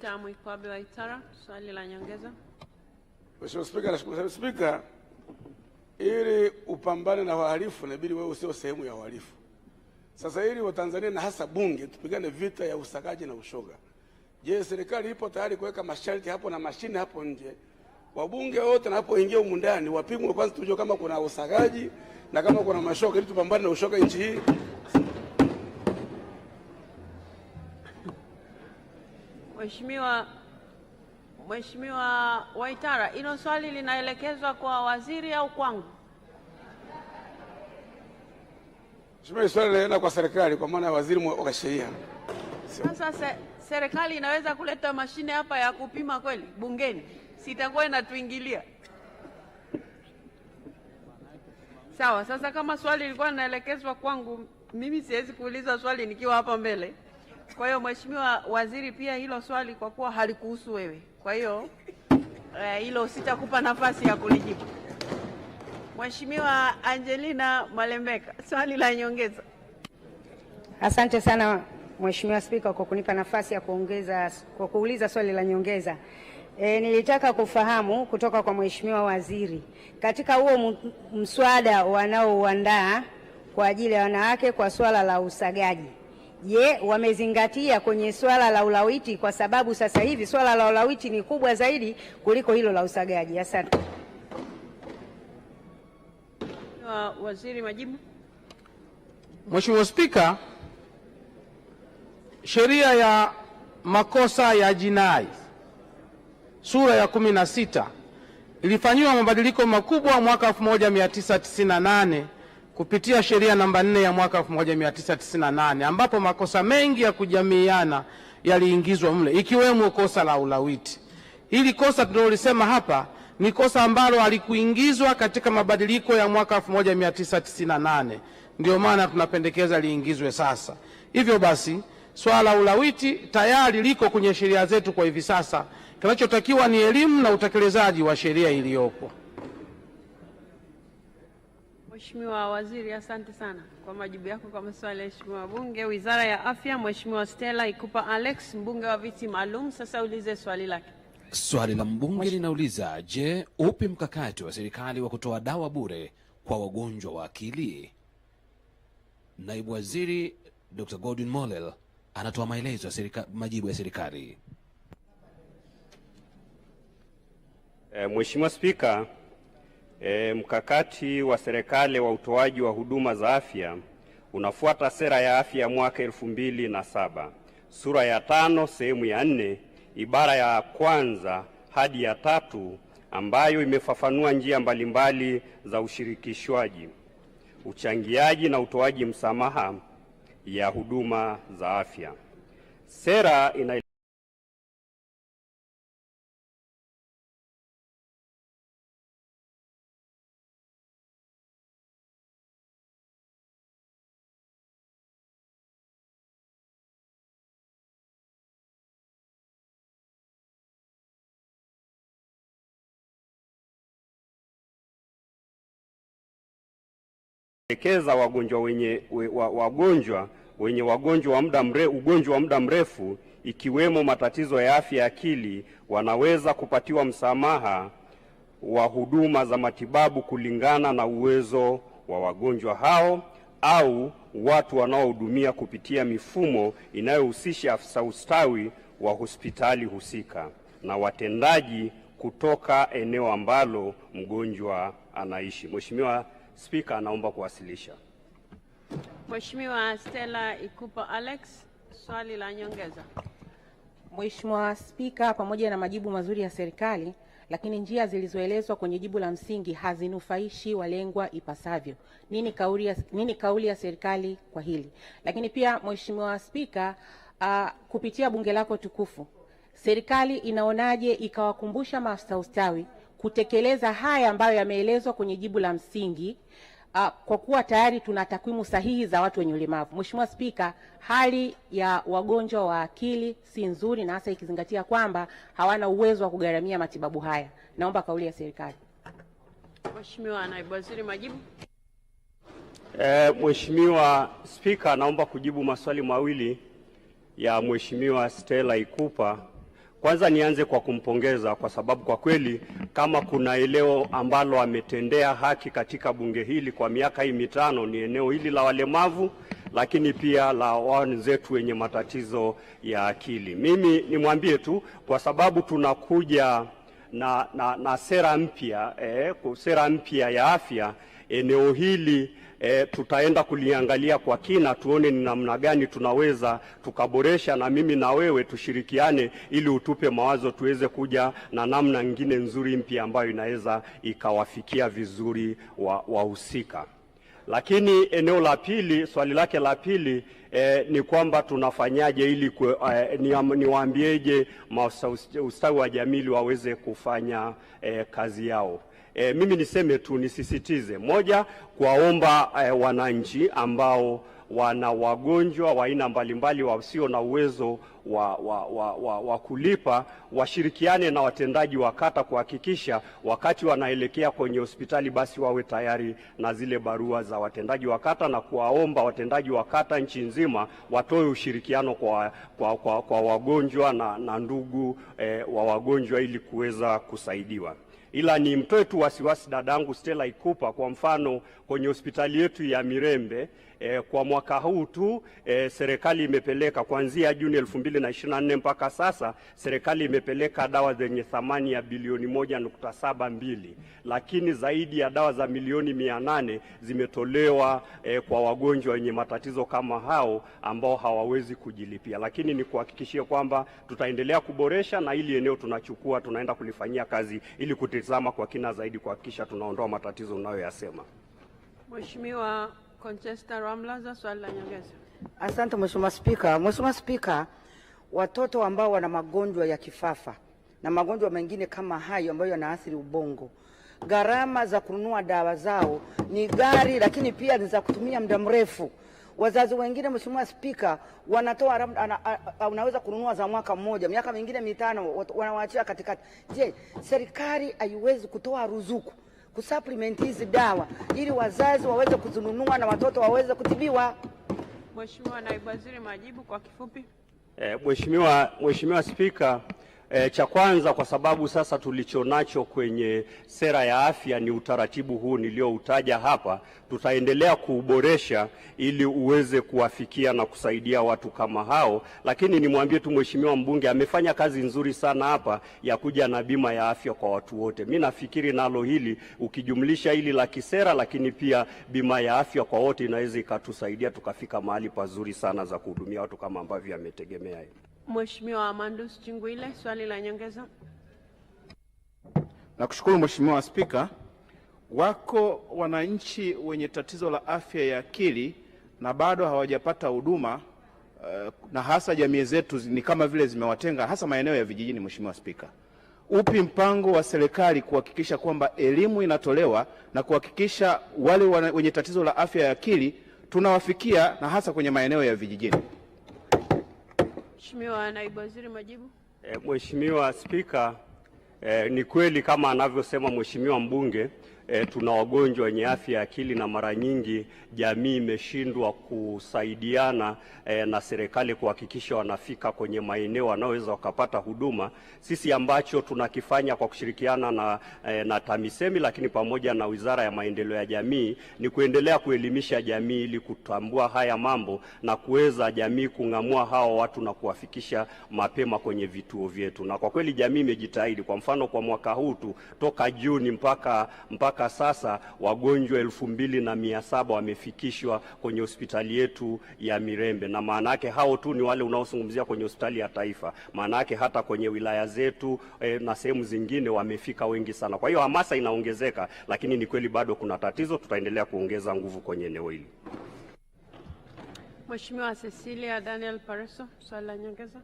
Dkt. Mwikwabe Waitara, swali la nyongeza. Mheshimiwa Spika, nashukuru sana Spika, ili upambane na wahalifu inabidi wewe usio sehemu ya wahalifu. Sasa ili Watanzania na hasa bunge tupigane vita ya usagaji na ushoga, je, serikali ipo tayari kuweka masharti hapo na mashine hapo nje, wabunge wote napoingia humu ndani wapimwe kwanza, tujue kama kuna usagaji na kama kuna mashoga, ili tupambane na ushoga nchi hii. Mheshimiwa Mheshimiwa Waitara, hilo swali linaelekezwa kwa waziri au kwangu? Mheshimiwa, swali linaenda kwa serikali kwa maana ya waziri wa sheria. Sasa se, serikali inaweza kuleta mashine hapa ya kupima kweli bungeni? Sitakuwa inatuingilia. Sawa, sasa kama swali lilikuwa linaelekezwa kwangu, mimi siwezi kuuliza swali nikiwa hapa mbele. Kwa hiyo Mheshimiwa Waziri, pia hilo swali kwa kuwa halikuhusu wewe, kwa hiyo eh, hilo sitakupa nafasi ya kulijibu. Mheshimiwa Angelina Malembeka, swali la nyongeza. Asante sana Mheshimiwa Spika kwa kunipa nafasi ya kuongeza kwa kuuliza swali la nyongeza. E, nilitaka kufahamu kutoka kwa Mheshimiwa Waziri katika huo mswada wanaouandaa kwa ajili ya wanawake kwa swala la usagaji Je, wamezingatia kwenye swala la ulawiti? Kwa sababu sasa hivi swala la ulawiti ni kubwa zaidi kuliko hilo la usagaji. Asante. Waziri, majibu. Mheshimiwa Spika, sheria ya makosa ya jinai sura ya 16 ilifanyiwa mabadiliko makubwa mwaka 1998 kupitia sheria namba 4 ya mwaka 1998 ambapo makosa mengi ya kujamiiana yaliingizwa mle ikiwemo kosa la ulawiti. Hili kosa tunalolisema hapa ni kosa ambalo halikuingizwa katika mabadiliko ya mwaka 1998, ndio maana tunapendekeza liingizwe sasa. Hivyo basi swala la ulawiti tayari liko kwenye sheria zetu kwa hivi sasa, kinachotakiwa ni elimu na utekelezaji wa sheria iliyopo. Mheshimiwa Waziri, asante sana kwa majibu yako kwa maswali ya Mheshimiwa Bunge. Wizara ya Afya, Mheshimiwa Stella Ikupa Alex, mbunge wa viti maalum, sasa ulize swali lake. Swali la mbunge linauliza, je, upi mkakati wa serikali wa kutoa dawa bure kwa wagonjwa wa akili? Naibu Waziri Dr. Godwin Mollel anatoa maelezo ya majibu ya serikali. Eh, Mheshimiwa Spika E, mkakati wa serikali wa utoaji wa huduma za afya unafuata sera ya afya ya mwaka elfu mbili na saba sura ya tano sehemu ya nne ibara ya kwanza hadi ya tatu ambayo imefafanua njia mbalimbali za ushirikishwaji, uchangiaji na utoaji msamaha ya huduma za afya. Sera ina elekeza wagonjwa wenye we, wa, wagonjwa wenye wagonjwa wa muda mrefu, ugonjwa wa muda mrefu ikiwemo matatizo ya afya ya akili wanaweza kupatiwa msamaha wa huduma za matibabu kulingana na uwezo wa wagonjwa hao au watu wanaohudumia kupitia mifumo inayohusisha afisa ustawi wa hospitali husika na watendaji kutoka eneo ambalo mgonjwa anaishi. Mheshimiwa Spika anaomba kuwasilisha. Mheshimiwa Stella Ikupa Alex, swali la nyongeza. Mheshimiwa Spika, pamoja na majibu mazuri ya serikali, lakini njia zilizoelezwa kwenye jibu la msingi hazinufaishi walengwa ipasavyo. Nini kauli ya, nini kauli ya serikali kwa hili? Lakini pia Mheshimiwa Spika, uh, kupitia bunge lako tukufu, serikali inaonaje ikawakumbusha maafisa ustawi kutekeleza haya ambayo yameelezwa kwenye jibu la msingi uh, kwa kuwa tayari tuna takwimu sahihi za watu wenye ulemavu. Mheshimiwa Spika, hali ya wagonjwa wa akili si nzuri, na hasa ikizingatia kwamba hawana uwezo wa kugharamia matibabu haya. Naomba kauli ya serikali. Mheshimiwa Naibu Waziri, majibu. Eh, Mheshimiwa Spika, naomba kujibu maswali mawili ya Mheshimiwa Stella Ikupa kwanza nianze kwa kumpongeza kwa sababu kwa kweli kama kuna eneo ambalo ametendea haki katika bunge hili kwa miaka hii mitano ni eneo hili la walemavu, lakini pia la wenzetu wenye matatizo ya akili. Mimi nimwambie tu kwa sababu tunakuja na, na, na sera mpya eh, sera mpya ya afya eneo hili e, tutaenda kuliangalia kwa kina, tuone ni namna gani tunaweza tukaboresha, na mimi na wewe tushirikiane, ili utupe mawazo tuweze kuja na namna nyingine nzuri mpya ambayo inaweza ikawafikia vizuri wahusika wa lakini eneo la pili, swali lake la pili eh, ni kwamba tunafanyaje ili eh, niwaambieje ustawi wa jamii waweze kufanya eh, kazi yao. E, mimi niseme tu nisisitize, moja, kuwaomba e, wananchi ambao wana wagonjwa wa aina mbalimbali wasio na uwezo wa, wa, wa, wa, wa kulipa washirikiane na watendaji wa kata kuhakikisha wakati wanaelekea kwenye hospitali basi wawe tayari na zile barua za watendaji wa kata, na kuwaomba watendaji wa kata nchi nzima watoe ushirikiano kwa, kwa, kwa, kwa wagonjwa na, na ndugu eh, wa wagonjwa ili kuweza kusaidiwa ila ni mtoe tu wasiwasi dadangu Stella Ikupa, kwa mfano kwenye hospitali yetu ya Mirembe e, kwa mwaka huu tu e, serikali imepeleka kuanzia Juni 2024 mpaka sasa, serikali imepeleka dawa zenye thamani ya bilioni 1.72, lakini zaidi ya dawa za milioni 800 zimetolewa e, kwa wagonjwa wenye matatizo kama hao ambao hawawezi kujilipia. Lakini ni kuhakikishia kwamba tutaendelea kuboresha na ili eneo tunachukua tunaenda kulifanyia kazi ili kutizama kwa kina zaidi kuhakikisha tunaondoa matatizo unayoyasema Mheshimiwa. Conchester Ramlaza, swali la nyongeza. Asante Mheshimiwa Spika. Mheshimiwa Spika, watoto ambao wana magonjwa ya kifafa na magonjwa mengine kama hayo ambayo yanaathiri ubongo, gharama za kununua dawa zao ni gari, lakini pia ni za kutumia muda mrefu. Wazazi wengine, Mheshimiwa Spika, wanatoa unaweza kununua za mwaka mmoja, miaka mingine mitano, wanawaachia katikati. Je, serikali haiwezi kutoa ruzuku kusupplement hizi dawa ili wazazi waweze kuzinunua na watoto waweze kutibiwa. Mheshimiwa Naibu Waziri, majibu kwa kifupi. Eh, Mheshimiwa Mheshimiwa Spika E, cha kwanza kwa sababu sasa tulichonacho kwenye sera ya afya ni utaratibu huu nilioutaja hapa, tutaendelea kuuboresha ili uweze kuwafikia na kusaidia watu kama hao. Lakini nimwambie tu mheshimiwa mbunge amefanya kazi nzuri sana hapa ya kuja na bima ya afya kwa watu wote. Mimi nafikiri nalo hili ukijumlisha hili la kisera, lakini pia bima ya afya kwa wote inaweza ikatusaidia tukafika mahali pazuri sana za kuhudumia watu kama ambavyo ametegemea. Mheshimiwa Amandus Chingwile, swali la nyongeza. Nakushukuru Mheshimiwa Spika. Wako wananchi wenye tatizo la afya ya akili na bado hawajapata huduma eh, na hasa jamii zetu ni kama vile zimewatenga hasa maeneo ya vijijini. Mheshimiwa Spika, upi mpango wa serikali kuhakikisha kwamba elimu inatolewa na kuhakikisha wale wenye tatizo la afya ya akili tunawafikia na hasa kwenye maeneo ya vijijini? Mheshimiwa Naibu Waziri, majibu. E, Mheshimiwa Spika, e, eh, ni kweli kama anavyosema Mheshimiwa mbunge e, tuna wagonjwa wenye afya ya akili na mara nyingi jamii imeshindwa kusaidiana e, na serikali kuhakikisha wanafika kwenye maeneo wanaoweza wakapata huduma. Sisi ambacho tunakifanya kwa kushirikiana na, e, na TAMISEMI lakini pamoja na Wizara ya Maendeleo ya Jamii ni kuendelea kuelimisha jamii ili kutambua haya mambo na kuweza jamii kung'amua hawa watu na kuwafikisha mapema kwenye vituo vyetu, na kwa kweli jamii imejitahidi. Kwa mfano kwa mwaka huu tu toka Juni mpaka mpaka mpaka sasa wagonjwa elfu mbili na mia saba wamefikishwa kwenye hospitali yetu ya Mirembe, na maana yake hao tu ni wale unaozungumzia kwenye hospitali ya taifa. Maana yake hata kwenye wilaya zetu e, na sehemu zingine wamefika wengi sana. Kwa hiyo hamasa inaongezeka, lakini ni kweli bado kuna tatizo, tutaendelea kuongeza nguvu kwenye eneo hili. Mheshimiwa Cecilia Daniel Pareso, swali la nyongeza.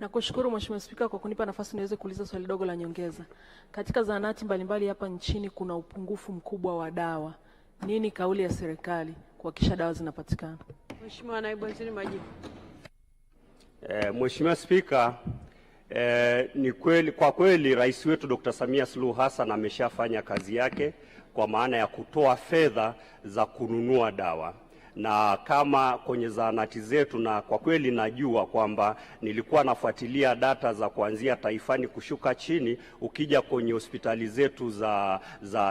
Nakushukuru Mheshimiwa Spika kwa kunipa nafasi niweze kuuliza swali dogo la nyongeza. Katika zahanati mbalimbali hapa nchini kuna upungufu mkubwa wa dawa. Nini kauli ya serikali kuhakikisha dawa zinapatikana? Mheshimiwa Naibu Waziri, majibu. Eh, Mheshimiwa Spika, e, ni kweli, kwa kweli Rais wetu Dr. Samia Suluhu Hassan ameshafanya kazi yake kwa maana ya kutoa fedha za kununua dawa na kama kwenye zahanati zetu, na kwa kweli najua kwamba nilikuwa nafuatilia data za kuanzia taifani kushuka chini. Ukija kwenye hospitali zetu za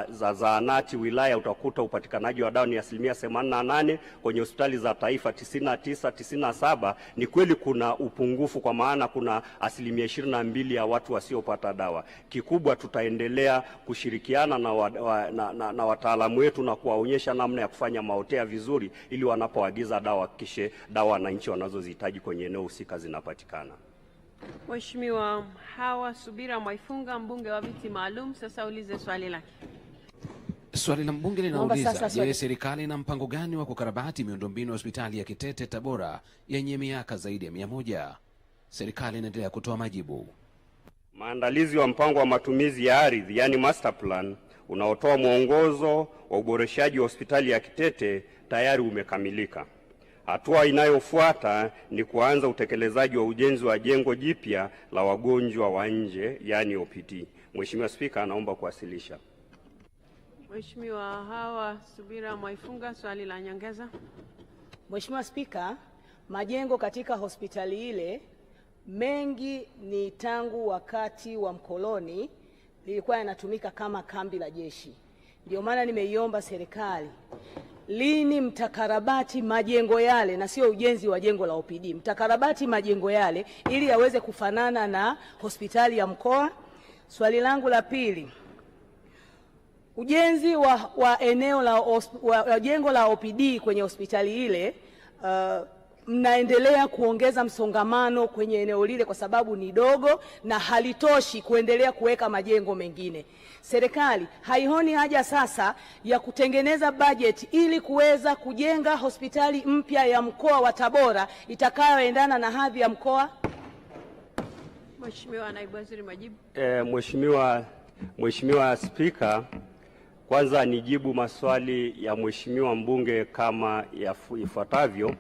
za zahanati wilaya, utakuta upatikanaji wa dawa ni asilimia 88, kwenye hospitali za taifa 99 97. Ni kweli kuna upungufu, kwa maana kuna asilimia 22 ya watu wasiopata dawa. Kikubwa tutaendelea kushirikiana na, wa, na, na, na wataalamu wetu na kuwaonyesha namna ya kufanya maotea vizuri ili wanapoagiza dawa hakikishe dawa wananchi wanazozihitaji kwenye eneo husika zinapatikana. Mheshimiwa Hawa Subira Mwaifunga, mbunge wa viti maalum, sasa ulize swali lake. Swali la mbunge linauliza, je, serikali ina mpango gani wa kukarabati miundombinu ya hospitali ya Kitete Tabora yenye miaka zaidi ya mia moja? Serikali inaendelea kutoa majibu. Maandalizi wa mpango wa matumizi ya ardhi, yani master plan, unaotoa mwongozo wa uboreshaji wa hospitali ya Kitete tayari umekamilika. Hatua inayofuata ni kuanza utekelezaji wa ujenzi wa jengo jipya la wagonjwa wa nje yani OPD. Mheshimiwa Spika, naomba kuwasilisha. Mheshimiwa Hawa Subira Mwaifunga, swali la nyongeza. Mheshimiwa Spika, majengo katika hospitali ile mengi ni tangu wakati wa mkoloni lilikuwa yanatumika kama kambi la jeshi. Ndio maana nimeiomba serikali lini mtakarabati majengo yale na sio ujenzi wa jengo la OPD. Mtakarabati majengo yale ili yaweze kufanana na hospitali ya mkoa. Swali langu la pili, ujenzi wa, wa eneo la, wa jengo la OPD kwenye hospitali ile uh, mnaendelea kuongeza msongamano kwenye eneo lile kwa sababu ni dogo na halitoshi kuendelea kuweka majengo mengine. Serikali haioni haja sasa ya kutengeneza bajeti ili kuweza kujenga hospitali mpya ya mkoa wa Tabora itakayoendana na hadhi ya mkoa? Mheshimiwa Naibu Waziri, majibu. Eh, Mheshimiwa Mheshimiwa Spika, kwanza nijibu maswali ya Mheshimiwa mbunge kama ifuatavyo.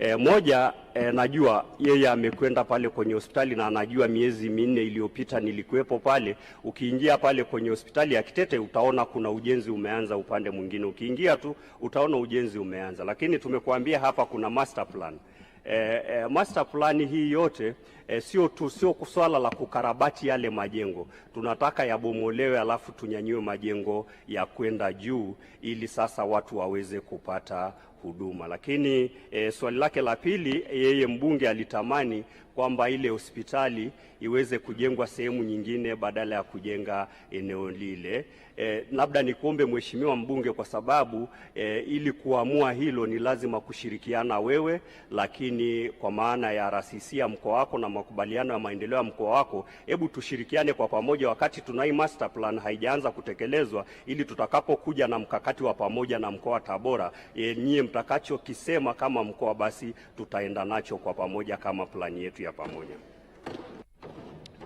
E, moja e, najua yeye amekwenda pale kwenye hospitali na anajua miezi minne iliyopita nilikuwepo pale. Ukiingia pale kwenye hospitali ya Kitete utaona kuna ujenzi umeanza upande mwingine, ukiingia tu utaona ujenzi umeanza, lakini tumekuambia hapa kuna master plan. E, e, master plan hii yote e, sio tu sio swala la kukarabati yale majengo, tunataka yabomolewe, alafu tunyanyue majengo ya kwenda juu ili sasa watu waweze kupata huduma. Lakini e, swali lake la pili, yeye mbunge alitamani kwamba ile hospitali iweze kujengwa sehemu nyingine badala ya kujenga eneo lile. E, labda nikuombe mheshimiwa mbunge, kwa sababu e, ili kuamua hilo ni lazima kushirikiana wewe, lakini kwa maana ya RCC ya mkoa wako na makubaliano ya maendeleo ya mkoa wako, hebu tushirikiane kwa pamoja wakati tunai master plan haijaanza kutekelezwa, ili tutakapokuja na mkakati wa pamoja na mkoa wa Tabora e, nyie mtakachokisema kama mkoa, basi tutaenda nacho kwa pamoja kama plani yetu ya pamoja.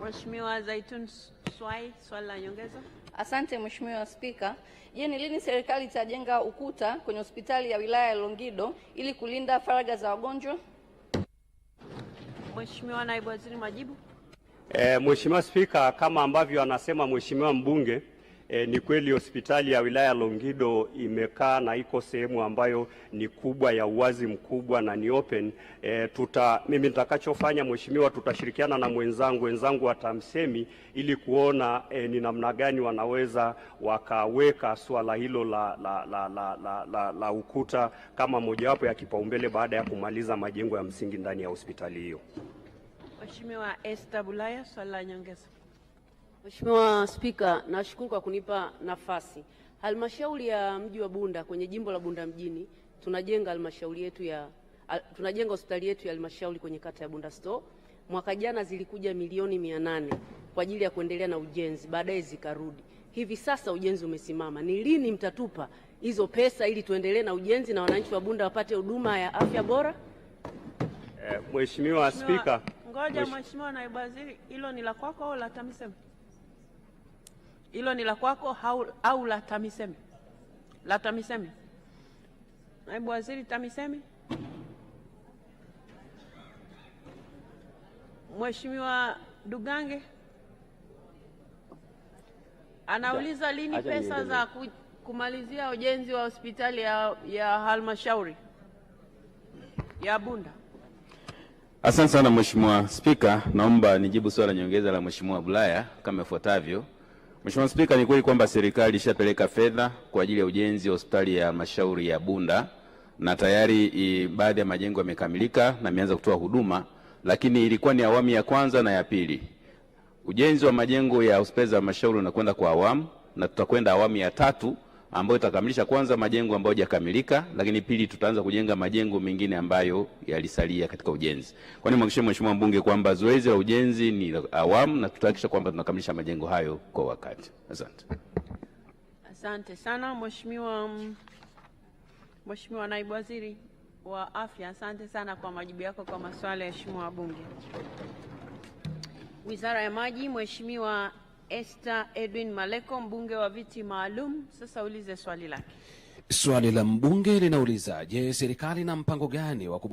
Mheshimiwa Zaitun Swai, swali la nyongeza. Asante Mheshimiwa Spika. Je, ni lini serikali itajenga ukuta kwenye hospitali ya wilaya ya Longido ili kulinda faragha za wagonjwa? Mheshimiwa Naibu Waziri, majibu. E, Mheshimiwa Spika, kama ambavyo anasema Mheshimiwa mbunge E, ni kweli hospitali ya wilaya Longido imekaa na iko sehemu ambayo ni kubwa ya uwazi mkubwa na ni open. E, tuta, mimi nitakachofanya mheshimiwa, tutashirikiana na mwenzangu wenzangu wa TAMISEMI ili kuona e, ni namna gani wanaweza wakaweka swala hilo la, la, la, la, la, la, la ukuta kama mojawapo ya kipaumbele baada ya kumaliza majengo ya msingi ndani ya hospitali hiyo. Mheshimiwa Esther Bulaya, swali la nyongeza. Mheshimiwa Spika, nashukuru kwa kunipa nafasi. Halmashauri ya mji wa Bunda kwenye jimbo la Bunda mjini tunajenga halmashauri yetu ya al, tunajenga hospitali yetu ya halmashauri kwenye kata ya Bunda Store. Mwaka jana zilikuja milioni mia nane kwa ajili ya kuendelea na ujenzi, baadaye zikarudi. Hivi sasa ujenzi umesimama. Ni lini mtatupa hizo pesa ili tuendelee na ujenzi na wananchi wa Bunda wapate huduma ya afya bora? Eh, Mheshimiwa Spika. Ngoja Mheshimiwa Naibu Waziri, hilo ni la kwako au la TAMISEMI? Hilo ni la kwako au, au la TAMISEMI? La TAMISEMI. Naibu Waziri TAMISEMI. Mheshimiwa Dugange anauliza lini pesa za kumalizia ujenzi wa hospitali ya, ya halmashauri ya Bunda. Asante sana Mheshimiwa Spika, naomba nijibu swala nyongeza la Mheshimiwa Bulaya kama ifuatavyo. Mheshimiwa Spika, ni kweli kwamba serikali ishapeleka fedha kwa ajili ya ujenzi wa hospitali ya halmashauri ya Bunda na tayari baadhi ya majengo yamekamilika na imeanza kutoa huduma, lakini ilikuwa ni awamu ya kwanza na ya pili. Ujenzi wa majengo ya hospitali za halmashauri unakwenda kwa awamu na tutakwenda awamu ya tatu ambayo itakamilisha kwanza majengo ambayo hajakamilika, lakini pili tutaanza kujenga majengo mengine ambayo yalisalia katika ujenzi. Kwa nini mwakishie Mheshimiwa Mbunge kwamba zoezi la ujenzi ni awamu na tutahakikisha kwamba tunakamilisha majengo hayo kwa wakati. Asante. Asante sana Mheshimiwa mm, Mheshimiwa Naibu Waziri wa Afya, asante sana kwa majibu yako kwa maswali ya Mheshimiwa Bunge. Wizara ya Maji, Mheshimiwa Esther Edwin Maleko, mbunge wa viti maalum, sasa ulize swali lake. Swali la mbunge linauliza, je, serikali na mpango gani wa kuboresha